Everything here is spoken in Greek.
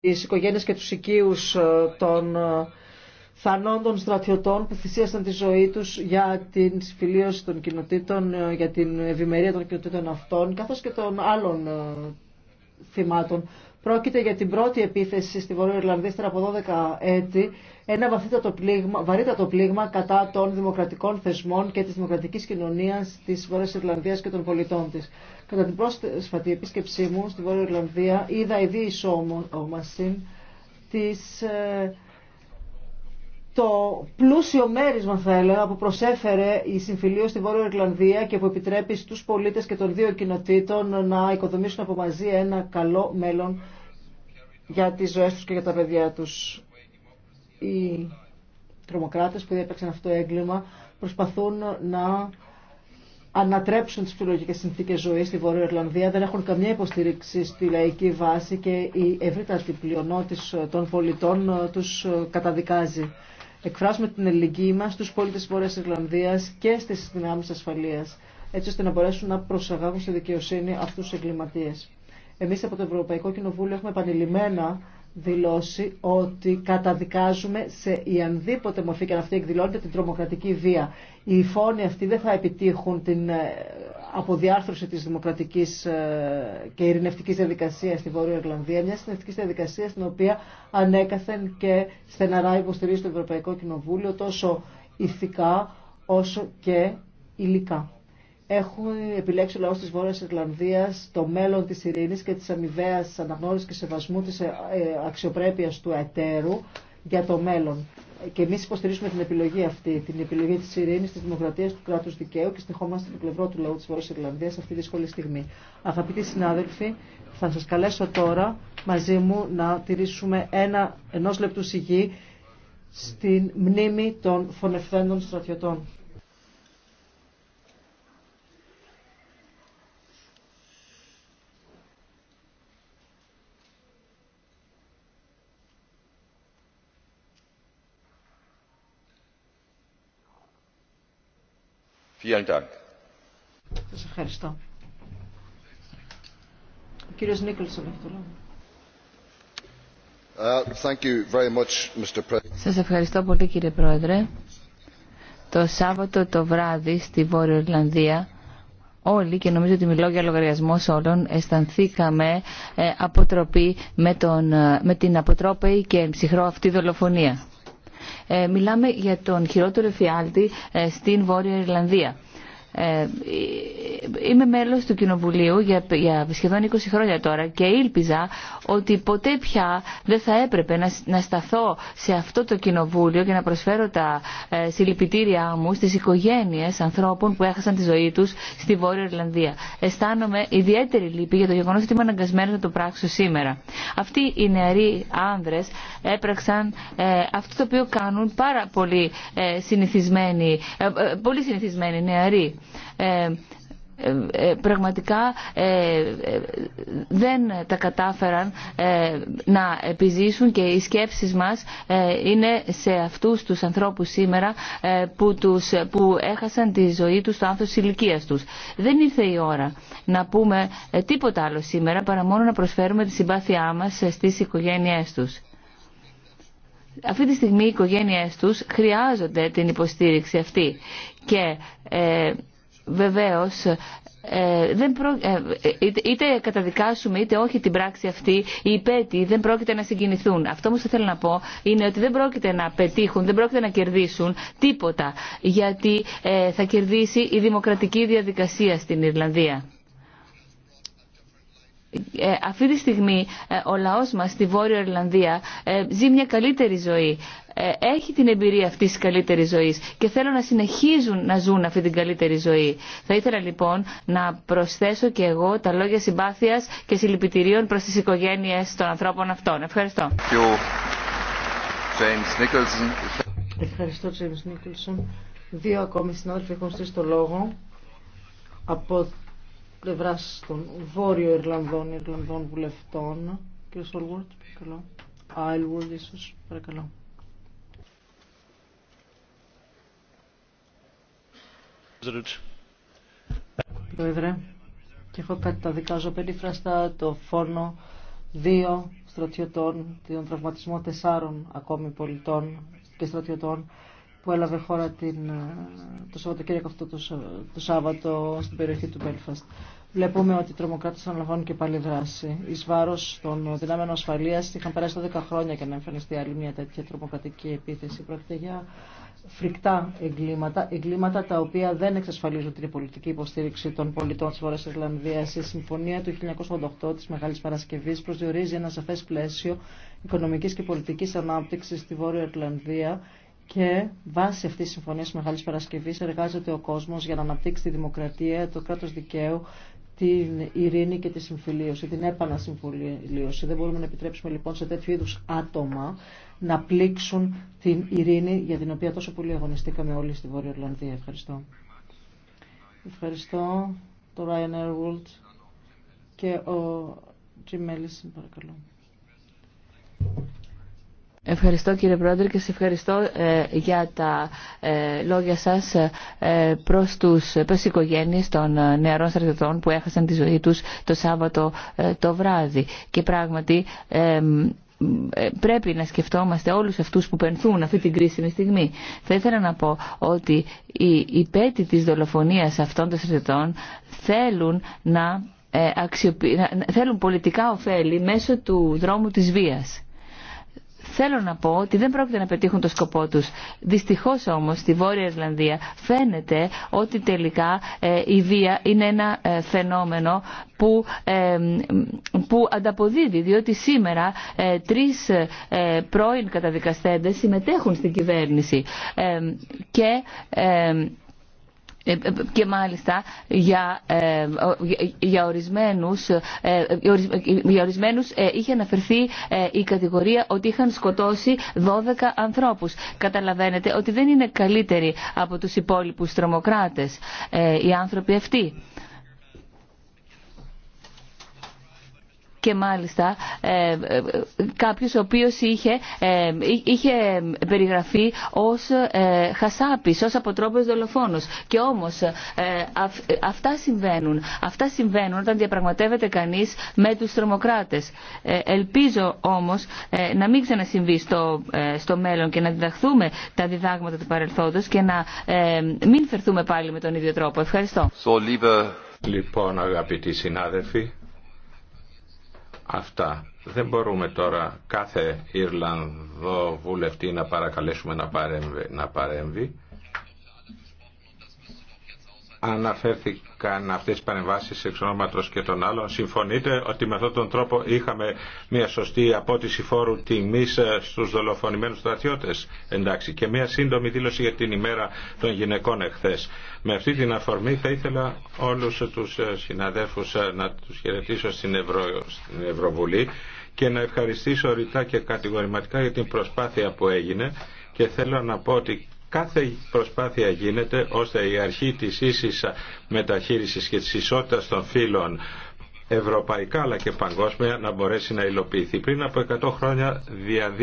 τις οικογένειες και τους Οικείου ε, των ε, θανών των στρατιωτών που θυσίασαν τη ζωή τους για την συμφιλίωση των κοινοτήτων, ε, για την ευημερία των κοινοτήτων αυτών, καθώς και των άλλων θυμάτων Πρόκειται για την πρώτη επίθεση στη Βόρεια Ιρλανδία ύστερα από 12 έτη, ένα βαθύτατο πλήγμα, βαρύτατο πλήγμα κατά των δημοκρατικών θεσμών και τη δημοκρατική κοινωνία τη Βόρεια Ιρλανδία και των πολιτών τη. Κατά την πρόσφατη επίσκεψή μου στη Βόρεια Ιρλανδία είδα είδαειδή ισόμαση Ε, το πλούσιο μέρισμα θα έλεγα που προσέφερε η συμφιλίωση στη Βόρεια Ιρλανδία και που επιτρέπει στους πολίτες και των δύο κοινοτήτων να οικοδομήσουν από μαζί ένα καλό μέλλον για τις ζωές τους και για τα παιδιά τους. Οι τρομοκράτες που διέπαιξαν αυτό το έγκλημα προσπαθούν να ανατρέψουν τις ψυχολογικές συνθήκες ζωής στη Βόρεια Ιρλανδία, δεν έχουν καμία υποστήριξη στη λαϊκή βάση και η ευρύτατη πλειονότητα των πολιτών τους καταδικάζει. Εκφράζουμε την ελληνική μας στους πολίτες της Βόρειας Ιρλανδίας και στις δυνάμεις ασφαλείας, έτσι ώστε να μπορέσουν να προσαγάγουν στη δικαιοσύνη αυτού του εγκληματίες. Εμείς από το Ευρωπαϊκό Κοινοβούλιο έχουμε επανειλημμένα δηλώσει ότι καταδικάζουμε σε η ανδήποτε μορφή και αν αυτή εκδηλώνεται την τρομοκρατική βία. Οι φόνοι αυτοί δεν θα επιτύχουν την ε, αποδιάρθρωση της δημοκρατικής ε, και ειρηνευτικής διαδικασία στη Βόρεια Ιρλανδία, μια ειρηνευτικής διαδικασία στην οποία ανέκαθεν και στεναρά υποστηρίζει το Ευρωπαϊκό Κοινοβούλιο τόσο ηθικά όσο και υλικά έχουν επιλέξει ο λαό της Βόρεια Ιρλανδία το μέλλον τη ειρήνη και της αμοιβαία αναγνώριση και σεβασμού τη ε, ε, αξιοπρέπεια του εταίρου για το μέλλον. Και εμεί υποστηρίζουμε την επιλογή αυτή, την επιλογή τη ειρήνη, τη Δημοκρατία, του Κράτου δικαίου και στεχόμαστε στην πλευρό του λαού της Βόρειας Ιρλανδίας αυτή τη δύσκολη στιγμή. Αγαπητοί συνάδελφοι, θα σα καλέσω τώρα μαζί μου να τηρήσουμε ένα ενός λεπτού σιγή στην μνήμη των φωνευθέντων στρατιωτών. Vielen Dank. Σας ευχαριστώ. Ο ευχαριστώ πολύ κύριε Πρόεδρε. Το Σάββατο το βράδυ στη Βόρεια Ιρλανδία όλοι και νομίζω ότι μιλώ για λογαριασμό όλων αισθανθήκαμε ε, αποτροπή με, τον, ε, με την αποτρόπαιη και ψυχρό αυτή δολοφονία. Ε, μιλάμε για τον χειρότερο εφιάλτη ε, στην Βόρεια Ιρλανδία. Ε, είμαι μέλος του Κοινοβουλίου για, σχεδόν 20 χρόνια τώρα και ήλπιζα ότι ποτέ πια δεν θα έπρεπε να, σταθώ σε αυτό το Κοινοβούλιο και να προσφέρω τα ε, συλληπιτήριά μου στις οικογένειες ανθρώπων που έχασαν τη ζωή τους στη Βόρεια Ιρλανδία. Αισθάνομαι ιδιαίτερη λύπη για το γεγονός ότι είμαι αναγκασμένος να το πράξω σήμερα. Αυτοί οι νεαροί άνδρες έπραξαν ε, αυτό το οποίο κάνουν πάρα πολύ ε, συνηθισμένοι νεαροί ε, ε, ε, πραγματικά δεν τα κατάφεραν να επιζήσουν και οι σκέψεις μας είναι σε αυτούς τους ανθρώπους σήμερα που, τους, που έχασαν τη ζωή τους στο άνθος της τους. Δεν ήρθε η ώρα να πούμε τίποτα άλλο σήμερα παρά μόνο να προσφέρουμε τη συμπάθειά μας στις οικογένειές τους. Αυτή τη στιγμή οι οικογένειές τους χρειάζονται την υποστήριξη αυτή και Βεβαίως, ε, δεν ε, ε, είτε καταδικάσουμε είτε όχι την πράξη αυτή, οι υπέτειοι δεν πρόκειται να συγκινηθούν. Αυτό που θέλω να πω είναι ότι δεν πρόκειται να πετύχουν, δεν πρόκειται να κερδίσουν τίποτα, γιατί θα κερδίσει η δημοκρατική διαδικασία στην Ιρλανδία. Ε, αυτή τη στιγμή ε, ο λαός μας στη Βόρεια Ιρλανδία ε, ζει μια καλύτερη ζωή. Έχει την εμπειρία αυτή τη καλύτερη ζωή και θέλω να συνεχίζουν να ζουν αυτή την καλύτερη ζωή. Θα ήθελα λοιπόν να προσθέσω και εγώ τα λόγια συμπάθεια και συλληπιτηρίων προ τι οικογένειε των ανθρώπων αυτών. Ευχαριστώ. Ευχαριστώ, Δύο ακόμη συνάδελφοι έχουν στήσει το λόγο από πλευράς των Βόρειο Ιρλανδών, Ιρλανδών βουλευτών. Κύριε Σόλγουρτ, παρακαλώ. Άιλουρτ ίσω, παρακαλώ. Πρόεδρε, και εγώ καταδικάζω περίφραστα το φόνο δύο στρατιωτών, τον τραυματισμό τεσσάρων ακόμη πολιτών και στρατιωτών που έλαβε χώρα την, ε, το Σαββατοκύριακο αυτό το, το Σάββατο στην περιοχή του Μπέλφαστ. Βλέπουμε ότι οι τρομοκράτε αναλαμβάνουν και πάλι δράση. Ει βάρο των δυνάμεων ασφαλεία, είχαν περάσει 12 χρόνια για να εμφανιστεί άλλη μια τέτοια τρομοκρατική επίθεση. Πρόκειται για φρικτά εγκλήματα, εγκλήματα τα οποία δεν εξασφαλίζουν την πολιτική υποστήριξη των πολιτών τη Βόρεια Ιρλανδία. Η Συμφωνία του 1988 τη μεγάλη παρασκευή, προσδιορίζει ένα σαφέ πλαίσιο οικονομική και πολιτική ανάπτυξη στη Βόρεια Ιρλανδία και βάσει αυτή τη συμφωνία τη Μεγάλη Παρασκευή εργάζεται ο κόσμο για να αναπτύξει τη δημοκρατία, το κράτο δικαίου, την ειρήνη και τη συμφιλίωση, την επανασυμφιλίωση. Δεν μπορούμε να επιτρέψουμε λοιπόν σε τέτοιου είδου άτομα να πλήξουν την ειρήνη για την οποία τόσο πολύ αγωνιστήκαμε όλοι στη Βόρεια Ορλανδία. Ευχαριστώ. Ευχαριστώ το Ράιν Ερβουλτ και ο Τζι Ellison, παρακαλώ. Ευχαριστώ κύριε Πρόεδρε και σε ευχαριστώ ε, για τα ε, λόγια σας ε, προς τους ε, των νεαρών στρατιωτών που έχασαν τη ζωή τους το Σάββατο το βράδυ. Και πράγματι πρέπει να σκεφτόμαστε όλους αυτούς που πενθούν αυτή την κρίσιμη στιγμή. Θα ήθελα να πω ότι οι πέτοι της δολοφονίας αυτών των στρατιωτών θέλουν να, θέλουν πολιτικά ωφέλη μέσω του δρόμου της βίας. Θέλω να πω ότι δεν πρόκειται να πετύχουν το σκοπό τους. Δυστυχώς όμως στη Βόρεια Ιρλανδία φαίνεται ότι τελικά ε, η βία είναι ένα ε, φαινόμενο που, ε, που ανταποδίδει, διότι σήμερα τρεις πρώην καταδικαστέντες συμμετέχουν στην κυβέρνηση και ε, ε, και μάλιστα για, ε, για ορισμένους, ορισμένους είχε αναφερθεί η κατηγορία ότι είχαν σκοτώσει 12 ανθρώπους. Καταλαβαίνετε ότι δεν είναι καλύτεροι από τους υπόλοιπους τρομοκράτες οι άνθρωποι αυτοί. και μάλιστα ε, ε, κάποιος ο οποίος είχε, ε, είχε περιγραφεί ως ε, χασάπης, ως αποτρόπος δολοφόνος. Και όμως ε, αυτά συμβαίνουν. Αυτά συμβαίνουν όταν διαπραγματεύεται κανείς με τους τρομοκράτες. ελπίζω όμως να μην ξανασυμβεί στο, στο μέλλον και να διδαχθούμε τα διδάγματα του παρελθόντος και να μην φερθούμε πάλι με τον ίδιο τρόπο. Ευχαριστώ. Λοιπόν αγαπητοί συνάδελφοι Αυτά. Δεν μπορούμε τώρα κάθε Ιρλανδό βουλευτή να παρακαλέσουμε να παρέμβει. Να παρέμβει αναφέρθηκαν αυτές οι παρεμβάσεις εξ ονόματος και των άλλων. Συμφωνείτε ότι με αυτόν τον τρόπο είχαμε μια σωστή απότηση φόρου τιμής ε, στους δολοφονημένους στρατιώτες. Εντάξει. Και μια σύντομη δήλωση για την ημέρα των γυναικών εχθές. Με αυτή την αφορμή θα ήθελα όλους τους ε, συναδέλφους ε, να τους χαιρετήσω στην, Ευρω... στην Ευρωβουλή και να ευχαριστήσω ρητά και κατηγορηματικά για την προσπάθεια που έγινε και θέλω να πω ότι Κάθε προσπάθεια γίνεται ώστε η αρχή της ίσης μεταχείρισης και της ισότητας των φύλων ευρωπαϊκά αλλά και παγκόσμια να μπορέσει να υλοποιηθεί. Πριν από 100 χρόνια